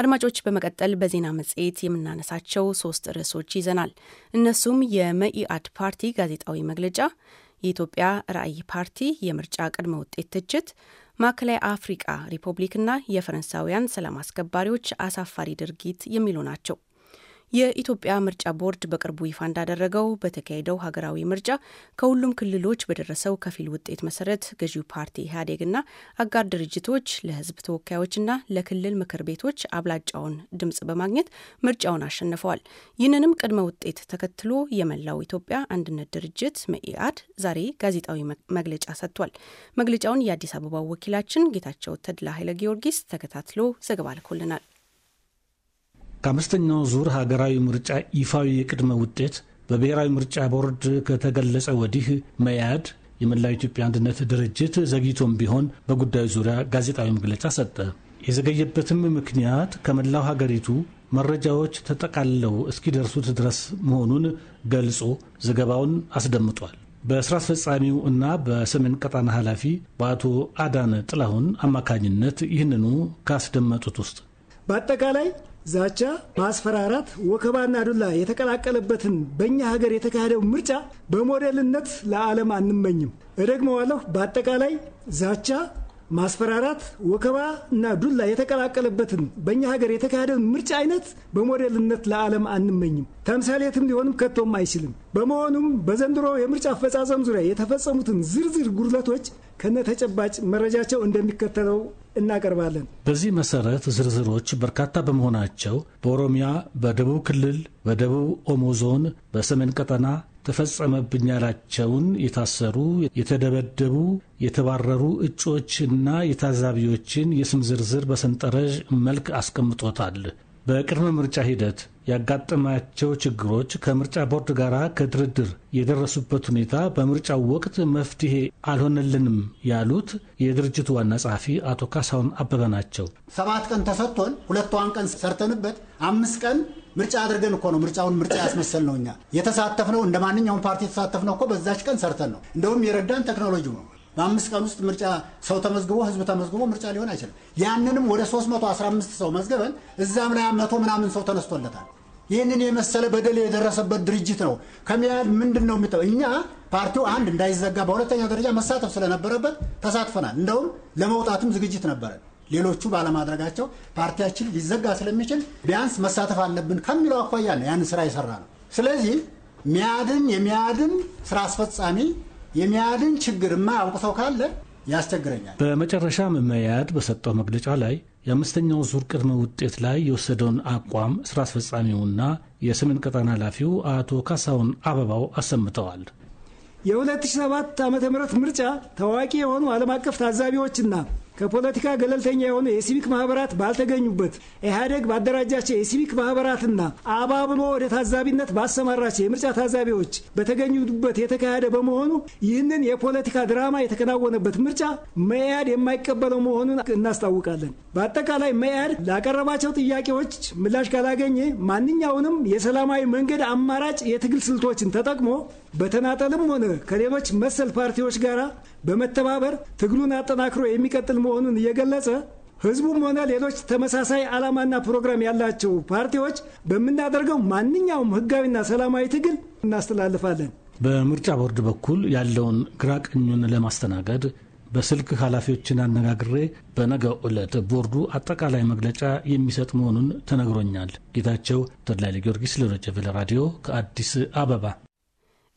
አድማጮች በመቀጠል በዜና መጽሔት የምናነሳቸው ሶስት ርዕሶች ይዘናል። እነሱም የመኢአድ ፓርቲ ጋዜጣዊ መግለጫ፣ የኢትዮጵያ ራዕይ ፓርቲ የምርጫ ቅድመ ውጤት ትችት፣ ማዕከላዊ አፍሪቃ ሪፐብሊክና የፈረንሳውያን ሰላም አስከባሪዎች አሳፋሪ ድርጊት የሚሉ ናቸው። የኢትዮጵያ ምርጫ ቦርድ በቅርቡ ይፋ እንዳደረገው በተካሄደው ሀገራዊ ምርጫ ከሁሉም ክልሎች በደረሰው ከፊል ውጤት መሰረት ገዢው ፓርቲ ኢህአዴግና አጋር ድርጅቶች ለህዝብ ተወካዮችና ለክልል ምክር ቤቶች አብላጫውን ድምጽ በማግኘት ምርጫውን አሸንፈዋል። ይህንንም ቅድመ ውጤት ተከትሎ የመላው ኢትዮጵያ አንድነት ድርጅት መኢአድ ዛሬ ጋዜጣዊ መግለጫ ሰጥቷል። መግለጫውን የአዲስ አበባው ወኪላችን ጌታቸው ተድላ ኃይለ ጊዮርጊስ ተከታትሎ ዘገባ ልኮልናል። ከአምስተኛው ዙር ሀገራዊ ምርጫ ይፋዊ የቅድመ ውጤት በብሔራዊ ምርጫ ቦርድ ከተገለጸ ወዲህ መያድ የመላው ኢትዮጵያ አንድነት ድርጅት ዘግይቶም ቢሆን በጉዳዩ ዙሪያ ጋዜጣዊ መግለጫ ሰጠ። የዘገየበትም ምክንያት ከመላው ሀገሪቱ መረጃዎች ተጠቃለው እስኪደርሱት ድረስ መሆኑን ገልጾ ዘገባውን አስደምጧል። በስራ አስፈጻሚው እና በሰሜን ቀጣና ኃላፊ በአቶ አዳነ ጥላሁን አማካኝነት ይህንኑ ካስደመጡት ውስጥ በአጠቃላይ ዛቻ፣ ማስፈራራት፣ ወከባና ዱላ የተቀላቀለበትን በእኛ ሀገር የተካሄደው ምርጫ በሞዴልነት ለዓለም አንመኝም። እደግመዋለሁ። በአጠቃላይ ዛቻ ማስፈራራት፣ ወከባ እና ዱላ የተቀላቀለበትን በእኛ ሀገር የተካሄደውን ምርጫ አይነት በሞዴልነት ለዓለም አንመኝም። ተምሳሌትም ሊሆንም ከቶም አይችልም። በመሆኑም በዘንድሮ የምርጫ አፈጻጸም ዙሪያ የተፈጸሙትን ዝርዝር ጉድለቶች ከነተጨባጭ መረጃቸው እንደሚከተለው እናቀርባለን። በዚህ መሰረት ዝርዝሮች በርካታ በመሆናቸው በኦሮሚያ፣ በደቡብ ክልል፣ በደቡብ ኦሞ ዞን፣ በሰሜን ቀጠና ተፈጸመብኝ ያላቸውን የታሰሩ፣ የተደበደቡ፣ የተባረሩ እጩዎችና የታዛቢዎችን የስም ዝርዝር በሰንጠረዥ መልክ አስቀምጦታል። በቅድመ ምርጫ ሂደት ያጋጠማቸው ችግሮች ከምርጫ ቦርድ ጋር ከድርድር የደረሱበት ሁኔታ በምርጫው ወቅት መፍትሄ አልሆነልንም ያሉት የድርጅቱ ዋና ጸሐፊ አቶ ካሳሁን አበበ ናቸው። ሰባት ቀን ተሰጥቶን ሁለት ቀን ሰርተንበት አምስት ቀን ምርጫ አድርገን እኮ ነው ምርጫውን ምርጫ ያስመሰል ነው። እኛ የተሳተፍነው እንደ ማንኛውም ፓርቲ የተሳተፍነው እኮ በዛች ቀን ሰርተን ነው። እንደውም የረዳን ቴክኖሎጂ ነው። በአምስት ቀን ውስጥ ምርጫ ሰው ተመዝግቦ ህዝብ ተመዝግቦ ምርጫ ሊሆን አይችልም። ያንንም ወደ 315 ሰው መዝገበን እዛም ላይ መቶ ምናምን ሰው ተነስቶለታል። ይህንን የመሰለ በደል የደረሰበት ድርጅት ነው ከሚያል ምንድን ነው የሚጠው እኛ ፓርቲው አንድ እንዳይዘጋ፣ በሁለተኛ ደረጃ መሳተፍ ስለነበረበት ተሳትፈናል። እንደውም ለመውጣትም ዝግጅት ነበረን። ሌሎቹ ባለማድረጋቸው ፓርቲያችን ሊዘጋ ስለሚችል ቢያንስ መሳተፍ አለብን ከሚለው አኳያ ነው ያን ስራ የሰራ ነው። ስለዚህ ሚያድን የሚያድን ስራ አስፈጻሚ የሚያድን ችግር የማያውቅ ሰው ካለ ያስቸግረኛል። በመጨረሻም መያድ በሰጠው መግለጫ ላይ የአምስተኛው ዙር ቅድመ ውጤት ላይ የወሰደውን አቋም ስራ አስፈጻሚውና የሰሜን ቀጠና ኃላፊው አቶ ካሳሁን አበባው አሰምተዋል። የ2007 ዓ ም ምርጫ ታዋቂ የሆኑ ዓለም አቀፍ ታዛቢዎችና ከፖለቲካ ገለልተኛ የሆነ የሲቪክ ማህበራት ባልተገኙበት ኢህአዴግ ባደራጃቸው የሲቪክ ማህበራትና አባብሎ ወደ ታዛቢነት ባሰማራቸው የምርጫ ታዛቢዎች በተገኙበት የተካሄደ በመሆኑ ይህንን የፖለቲካ ድራማ የተከናወነበት ምርጫ መኢአድ የማይቀበለው መሆኑን እናስታውቃለን። በአጠቃላይ መኢአድ ላቀረባቸው ጥያቄዎች ምላሽ ካላገኘ ማንኛውንም የሰላማዊ መንገድ አማራጭ የትግል ስልቶችን ተጠቅሞ በተናጠልም ሆነ ከሌሎች መሰል ፓርቲዎች ጋር በመተባበር ትግሉን አጠናክሮ የሚቀጥል መሆኑን እየገለጸ ህዝቡም ሆነ ሌሎች ተመሳሳይ ዓላማና ፕሮግራም ያላቸው ፓርቲዎች በምናደርገው ማንኛውም ህጋዊና ሰላማዊ ትግል እናስተላልፋለን። በምርጫ ቦርድ በኩል ያለውን ግራቅኙን ለማስተናገድ በስልክ ኃላፊዎችን አነጋግሬ በነገ ዕለት ቦርዱ አጠቃላይ መግለጫ የሚሰጥ መሆኑን ተነግሮኛል። ጌታቸው ተድላይ ጊዮርጊስ ለዶይቼ ቬለ ራዲዮ ከአዲስ አበባ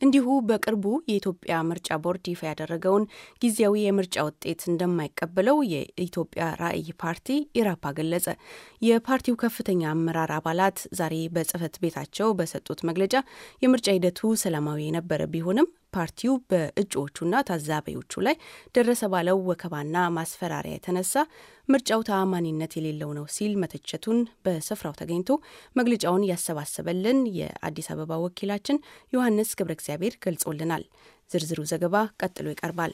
እንዲሁ በቅርቡ የኢትዮጵያ ምርጫ ቦርድ ይፋ ያደረገውን ጊዜያዊ የምርጫ ውጤት እንደማይቀበለው የኢትዮጵያ ራዕይ ፓርቲ ኢራፓ ገለጸ። የፓርቲው ከፍተኛ አመራር አባላት ዛሬ በጽህፈት ቤታቸው በሰጡት መግለጫ የምርጫ ሂደቱ ሰላማዊ የነበረ ቢሆንም ፓርቲው በእጩዎቹና ታዛቢዎቹ ላይ ደረሰ ባለው ወከባና ማስፈራሪያ የተነሳ ምርጫው ተአማኒነት የሌለው ነው ሲል መተቸቱን በስፍራው ተገኝቶ መግለጫውን ያሰባሰበልን የአዲስ አበባ ወኪላችን ዮሐንስ ገብረ እግዚአብሔር ገልጾልናል። ዝርዝሩ ዘገባ ቀጥሎ ይቀርባል።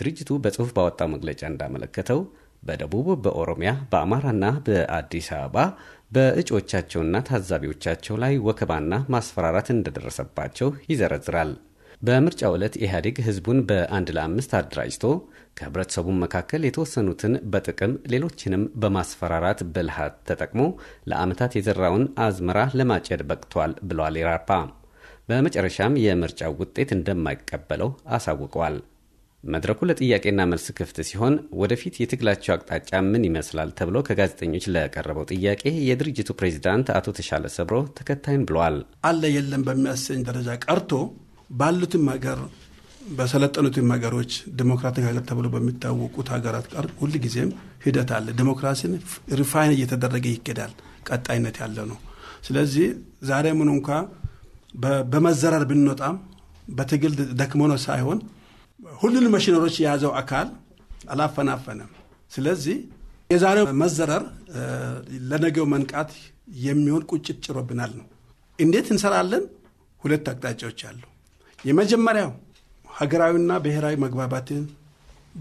ድርጅቱ በጽሁፍ ባወጣው መግለጫ እንዳመለከተው በደቡብ፣ በኦሮሚያ፣ በአማራና በአዲስ አበባ በእጩዎቻቸውና ታዛቢዎቻቸው ላይ ወከባና ማስፈራራት እንደደረሰባቸው ይዘረዝራል። በምርጫው ዕለት ኢህአዴግ ህዝቡን በአንድ ለአምስት አደራጅቶ ከህብረተሰቡን መካከል የተወሰኑትን በጥቅም ሌሎችንም በማስፈራራት ብልሃት ተጠቅሞ ለዓመታት የዘራውን አዝመራ ለማጨድ በቅቷል ብሏል ኢራፓ። በመጨረሻም የምርጫው ውጤት እንደማይቀበለው አሳውቀዋል። መድረኩ ለጥያቄና መልስ ክፍት ሲሆን ወደፊት የትግላቸው አቅጣጫ ምን ይመስላል ተብሎ ከጋዜጠኞች ለቀረበው ጥያቄ የድርጅቱ ፕሬዚዳንት አቶ ተሻለ ሰብሮ ተከታይን ብለዋል። አለ የለም በሚያሰኝ ደረጃ ቀርቶ ባሉትም ሀገር በሰለጠኑትም ሀገሮች ዲሞክራቲክ ሀገር ተብሎ በሚታወቁት ሀገራት ጋር ጊዜም ሂደት አለ። ዲሞክራሲን ሪፋይን እየተደረገ ይኬዳል። ቀጣይነት ያለ ነው። ስለዚህ ዛሬ ምኑ እንኳ በመዘረር ብንወጣም በትግል ደክሞ ነው ሳይሆን ሁሉንም መሽነሮች የያዘው አካል አላፈናፈነም። ስለዚህ የዛሬው መዘረር ለነገው መንቃት የሚሆን ቁጭት ጭሮብናል ነው። እንዴት እንሰራለን? ሁለት አቅጣጫዎች አሉ። የመጀመሪያው ሀገራዊና ብሔራዊ መግባባትን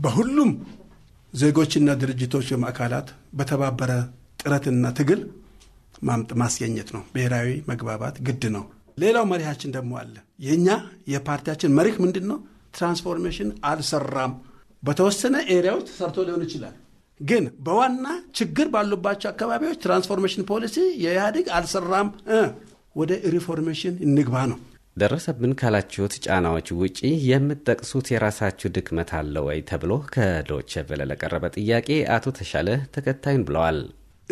በሁሉም ዜጎችና ድርጅቶች ወይም አካላት በተባበረ ጥረትና ትግል ማስገኘት ነው። ብሔራዊ መግባባት ግድ ነው። ሌላው መሪያችን ደግሞ አለ። የእኛ የፓርቲያችን መሪህ ምንድን ነው? ትራንስፎርሜሽን አልሰራም። በተወሰነ ኤሪያዎች ተሰርቶ ሊሆን ይችላል፣ ግን በዋና ችግር ባሉባቸው አካባቢዎች ትራንስፎርሜሽን ፖሊሲ የኢህአዴግ አልሰራም፣ ወደ ሪፎርሜሽን እንግባ ነው። ደረሰብን ካላችሁት ጫናዎች ውጪ የምትጠቅሱት የራሳችሁ ድክመት አለ ወይ ተብሎ ከዶቼ ቬለ ለቀረበ ጥያቄ አቶ ተሻለ ተከታዩን ብለዋል።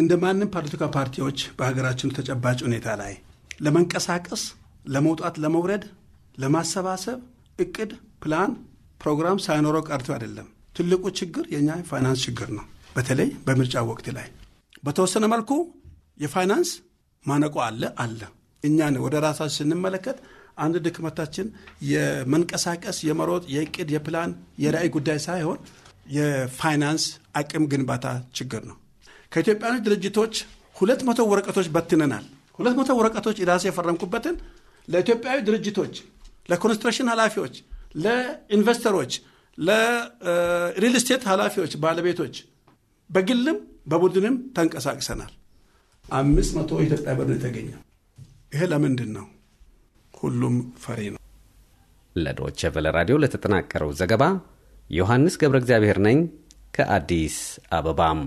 እንደ ማንም ፖለቲካ ፓርቲዎች በሀገራችን ተጨባጭ ሁኔታ ላይ ለመንቀሳቀስ፣ ለመውጣት፣ ለመውረድ፣ ለማሰባሰብ እቅድ፣ ፕላን፣ ፕሮግራም ሳይኖረው ቀርቶ አይደለም። ትልቁ ችግር የእኛ የፋይናንስ ችግር ነው። በተለይ በምርጫ ወቅት ላይ በተወሰነ መልኩ የፋይናንስ ማነቆ አለ አለ እኛን ወደ ራሳችን ስንመለከት አንድ ድክመታችን የመንቀሳቀስ የመሮጥ የእቅድ የፕላን የራእይ ጉዳይ ሳይሆን የፋይናንስ አቅም ግንባታ ችግር ነው። ከኢትዮጵያኖች ድርጅቶች ሁለት መቶ ወረቀቶች በትነናል። ሁለት መቶ ወረቀቶች ራሴ የፈረምኩበትን ለኢትዮጵያዊ ድርጅቶች፣ ለኮንስትራክሽን ኃላፊዎች፣ ለኢንቨስተሮች፣ ለሪል ስቴት ኃላፊዎች ባለቤቶች በግልም በቡድንም ተንቀሳቅሰናል። አምስት መቶ ኢትዮጵያ ብር የተገኘ ይሄ ለምንድን ነው? ሁሉም ፈሪ ነው። ለዶቸ ቨለ ራዲዮ ለተጠናቀረው ዘገባ ዮሐንስ ገብረ እግዚአብሔር ነኝ ከአዲስ አበባም።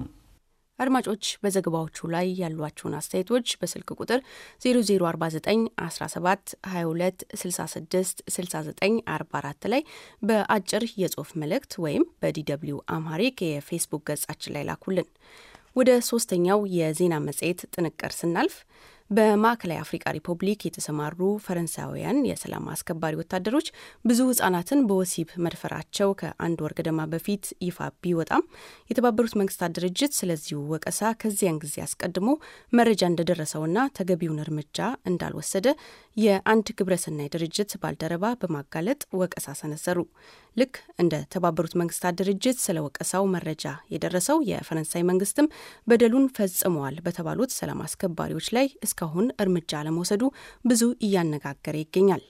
አድማጮች በዘገባዎቹ ላይ ያሏቸውን አስተያየቶች በስልክ ቁጥር 0049 17 22 66 69 44 ላይ በአጭር የጽሑፍ መልእክት ወይም በዲደብሊው አማሪክ የፌስቡክ ገጻችን ላይ ላኩልን። ወደ ሶስተኛው የዜና መጽሔት ጥንቅር ስናልፍ በማዕከላዊ አፍሪካ ሪፐብሊክ የተሰማሩ ፈረንሳውያን የሰላም አስከባሪ ወታደሮች ብዙ ህጻናትን በወሲብ መድፈራቸው ከአንድ ወር ገደማ በፊት ይፋ ቢወጣም የተባበሩት መንግስታት ድርጅት ስለዚሁ ወቀሳ ከዚያን ጊዜ አስቀድሞ መረጃ እንደደረሰውና ተገቢውን እርምጃ እንዳልወሰደ የአንድ ግብረሰናይ ድርጅት ባልደረባ በማጋለጥ ወቀሳ ሰነዘሩ። ልክ እንደ ተባበሩት መንግስታት ድርጅት ስለ ወቀሳው መረጃ የደረሰው የፈረንሳይ መንግስትም በደሉን ፈጽመዋል በተባሉት ሰላም አስከባሪዎች ላይ እስካሁን እርምጃ አለመውሰዱ ብዙ እያነጋገረ ይገኛል።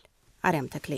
አርያም ተክሌ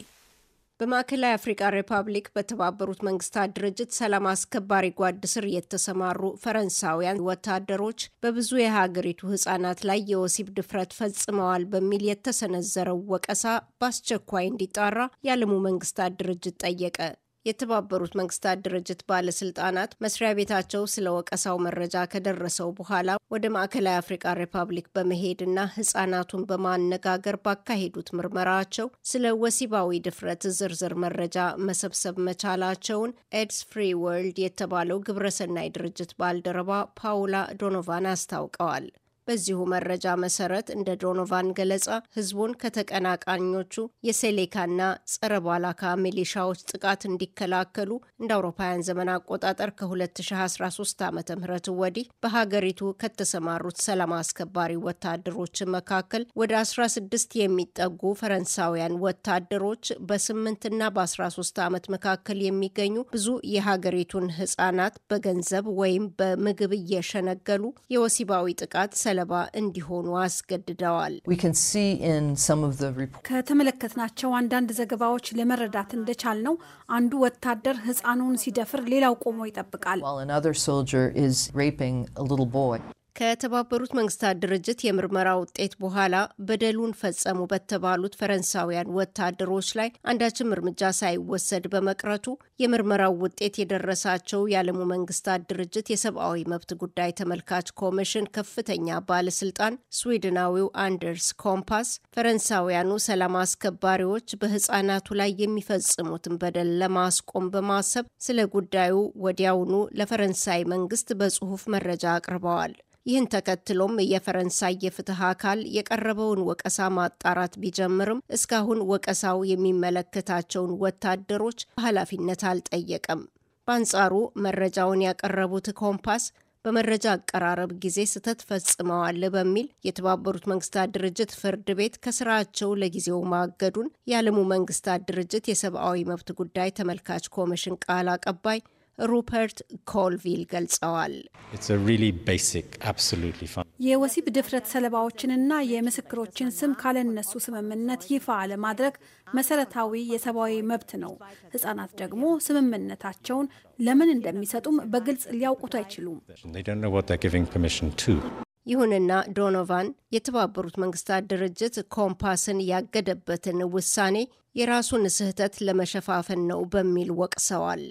በማዕከላዊ አፍሪካ ሪፐብሊክ በተባበሩት መንግስታት ድርጅት ሰላም አስከባሪ ጓድ ስር የተሰማሩ ፈረንሳውያን ወታደሮች በብዙ የሀገሪቱ ህጻናት ላይ የወሲብ ድፍረት ፈጽመዋል በሚል የተሰነዘረው ወቀሳ በአስቸኳይ እንዲጣራ የዓለሙ መንግስታት ድርጅት ጠየቀ። የተባበሩት መንግስታት ድርጅት ባለስልጣናት መስሪያ ቤታቸው ስለ ወቀሳው መረጃ ከደረሰው በኋላ ወደ ማዕከላዊ አፍሪካ ሪፐብሊክ በመሄድና ህጻናቱን በማነጋገር ባካሄዱት ምርመራቸው ስለ ወሲባዊ ድፍረት ዝርዝር መረጃ መሰብሰብ መቻላቸውን ኤድስ ፍሪ ወርልድ የተባለው ግብረሰናይ ድርጅት ባልደረባ ፓውላ ዶኖቫን አስታውቀዋል። በዚሁ መረጃ መሰረት እንደ ዶኖቫን ገለጻ ህዝቡን ከተቀናቃኞቹ የሴሌካና ጸረ ባላካ ሚሊሻዎች ጥቃት እንዲከላከሉ እንደ አውሮፓውያን ዘመን አቆጣጠር ከ2013 ዓ ም ወዲህ በሀገሪቱ ከተሰማሩት ሰላም አስከባሪ ወታደሮች መካከል ወደ 16 የሚጠጉ ፈረንሳውያን ወታደሮች በስምንትና በ13 ዓመት መካከል የሚገኙ ብዙ የሀገሪቱን ህጻናት በገንዘብ ወይም በምግብ እየሸነገሉ የወሲባዊ ጥቃት ሰለ ሰለባ እንዲሆኑ አስገድደዋል። ከተመለከትናቸው አንዳንድ ዘገባዎች ለመረዳት እንደቻል ነው አንዱ ወታደር ሕፃኑን ሲደፍር ሌላው ቆሞ ይጠብቃል። ከተባበሩት መንግስታት ድርጅት የምርመራ ውጤት በኋላ በደሉን ፈጸሙ በተባሉት ፈረንሳውያን ወታደሮች ላይ አንዳችም እርምጃ ሳይወሰድ በመቅረቱ የምርመራው ውጤት የደረሳቸው የዓለሙ መንግስታት ድርጅት የሰብአዊ መብት ጉዳይ ተመልካች ኮሚሽን ከፍተኛ ባለስልጣን ስዊድናዊው አንደርስ ኮምፓስ ፈረንሳውያኑ ሰላም አስከባሪዎች በህጻናቱ ላይ የሚፈጽሙትን በደል ለማስቆም በማሰብ ስለ ጉዳዩ ወዲያውኑ ለፈረንሳይ መንግስት በጽሁፍ መረጃ አቅርበዋል። ይህን ተከትሎም የፈረንሳይ የፍትህ አካል የቀረበውን ወቀሳ ማጣራት ቢጀምርም እስካሁን ወቀሳው የሚመለከታቸውን ወታደሮች ኃላፊነት አልጠየቀም። በአንጻሩ መረጃውን ያቀረቡት ኮምፓስ በመረጃ አቀራረብ ጊዜ ስህተት ፈጽመዋል በሚል የተባበሩት መንግስታት ድርጅት ፍርድ ቤት ከስራቸው ለጊዜው ማገዱን የዓለሙ መንግስታት ድርጅት የሰብአዊ መብት ጉዳይ ተመልካች ኮሚሽን ቃል አቀባይ ሩፐርት ኮልቪል ገልጸዋል። የወሲብ ድፍረት ሰለባዎችንና የምስክሮችን ስም ካለነሱ ስምምነት ይፋ ለማድረግ መሰረታዊ የሰብአዊ መብት ነው። ህጻናት ደግሞ ስምምነታቸውን ለምን እንደሚሰጡም በግልጽ ሊያውቁት አይችሉም። ይሁንና ዶኖቫን የተባበሩት መንግስታት ድርጅት ኮምፓስን ያገደበትን ውሳኔ የራሱን ስህተት ለመሸፋፈን ነው በሚል ወቅሰዋል።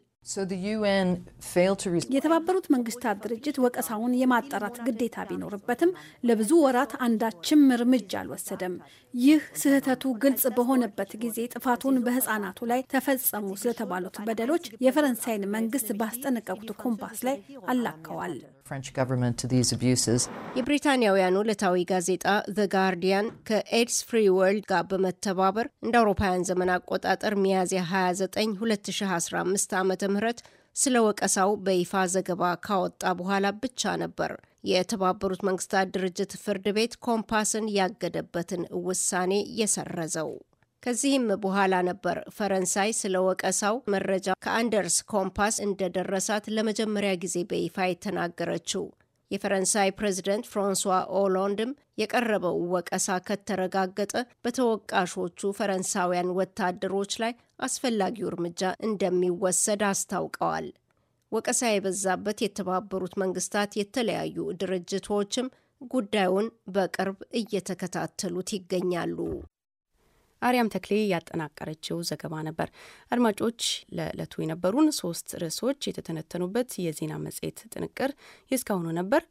የተባበሩት መንግስታት ድርጅት ወቀሳውን የማጣራት ግዴታ ቢኖርበትም ለብዙ ወራት አንዳችም እርምጃ አልወሰደም። ይህ ስህተቱ ግልጽ በሆነበት ጊዜ ጥፋቱን በህፃናቱ ላይ ተፈጸሙ ስለተባሉት በደሎች የፈረንሳይን መንግስት ባስጠነቀቁት ኮምፓስ ላይ አላከዋል። የብሪታንያውያኑ ዕለታዊ ጋዜጣ ዘ ጋርዲያን ከኤድስ ፍሪ ወርልድ ጋር በመተባበር እንደ አውሮፓውያን ዘመን አቆጣጠር ሚያዝያ 29 2015 ዓ ም ስለ ወቀሳው በይፋ ዘገባ ካወጣ በኋላ ብቻ ነበር የተባበሩት መንግስታት ድርጅት ፍርድ ቤት ኮምፓስን ያገደበትን ውሳኔ የሰረዘው። ከዚህም በኋላ ነበር ፈረንሳይ ስለ ወቀሳው መረጃ ከአንደርስ ኮምፓስ እንደደረሳት ለመጀመሪያ ጊዜ በይፋ የተናገረችው። የፈረንሳይ ፕሬዚደንት ፍራንሷ ኦሎንድም የቀረበው ወቀሳ ከተረጋገጠ በተወቃሾቹ ፈረንሳውያን ወታደሮች ላይ አስፈላጊው እርምጃ እንደሚወሰድ አስታውቀዋል። ወቀሳ የበዛበት የተባበሩት መንግስታት የተለያዩ ድርጅቶችም ጉዳዩን በቅርብ እየተከታተሉት ይገኛሉ። አርያም ተክሌ ያጠናቀረችው ዘገባ ነበር። አድማጮች፣ ለዕለቱ የነበሩን ሶስት ርዕሶች የተተነተኑበት የዜና መጽሔት ጥንቅር የእስካሁኑ ነበር።